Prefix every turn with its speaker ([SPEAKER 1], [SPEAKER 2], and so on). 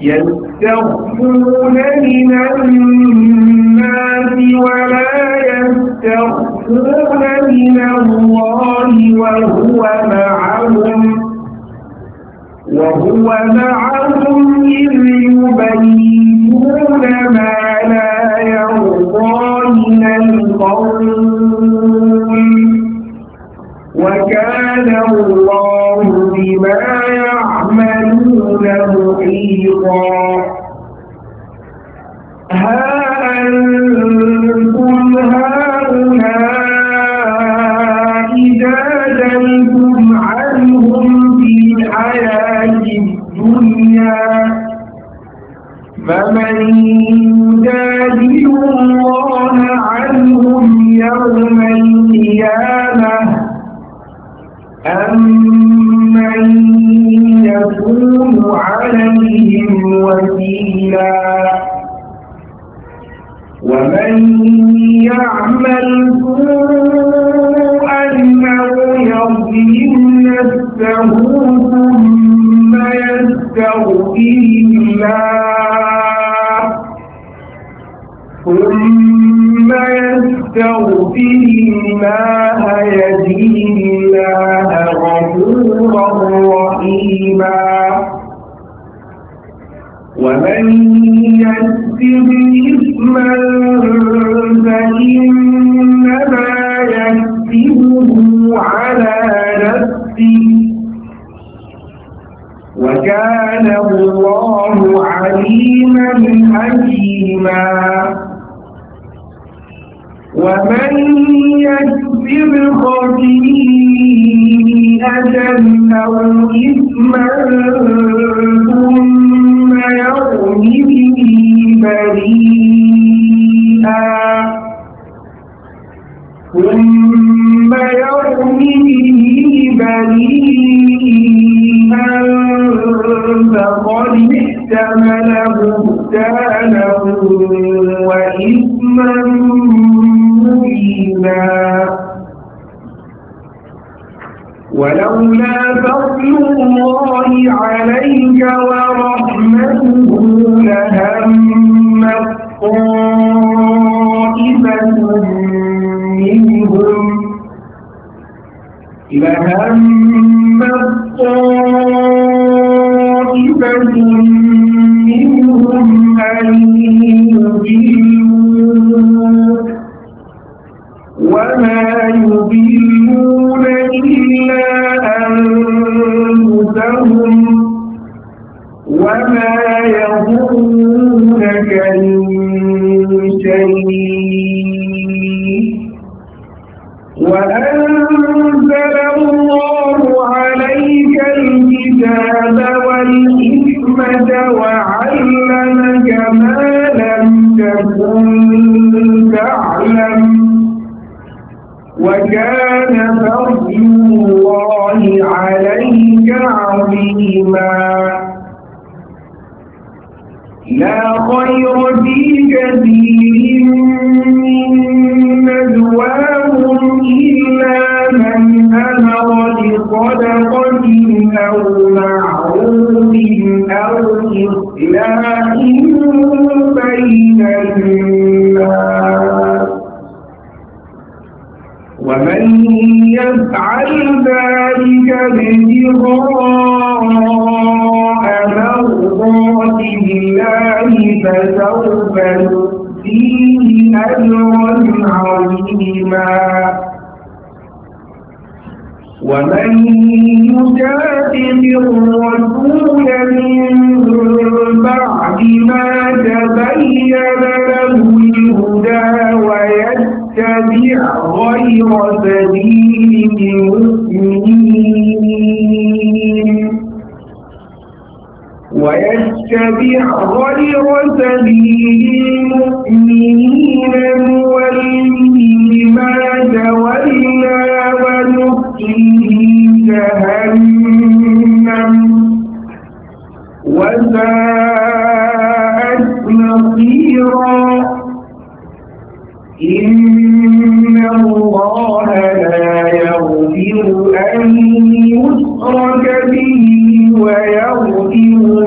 [SPEAKER 1] يستخفون من الناس ولا يستخفون من الله وهو معهم وهو معهم إذ يبيتون ما فمن يجادل الله عنهم يوم القيامة أمن يكون عليهم وكيلا ومن يعمل سوءا أو يظلم نفسه ثم يستغفر الله واستغفري الله يجي الله غفورا رحيما ومن يكسب إثما فإنما يكسبه على نفسه وكان الله عليما حكيما ومن يكسب خطيئة أو إثما ثم يرم به بريئا ثم يرم به بريئا فقد احتمل بهتانا ولولا فضل الله عليك ورحمته لهم طائفة منهم لهم طائفة منهم أن يجيبوا وما يظنك من شيء وأنزل الله عليك الكتاب والحكمة وعلمك ما لم تكن تعلم وكان فضل الله عليك عظيما لا خير في كثير من نجواهم إلا من أمر بصدقة أو معروف أو إصلاح بين الناس ومن يفعل ذلك ابتغاء فيه أجرا عظيما
[SPEAKER 2] ومن
[SPEAKER 1] يكافر الرسول من بعد ما تبين له الهدى ويتبع غير سبيل بحضر غير سبيل المؤمنين نوليه ما تولى ونقيه جهنم وساءت نصيرا إن الله لا يغفر أن يشرك به ويغفر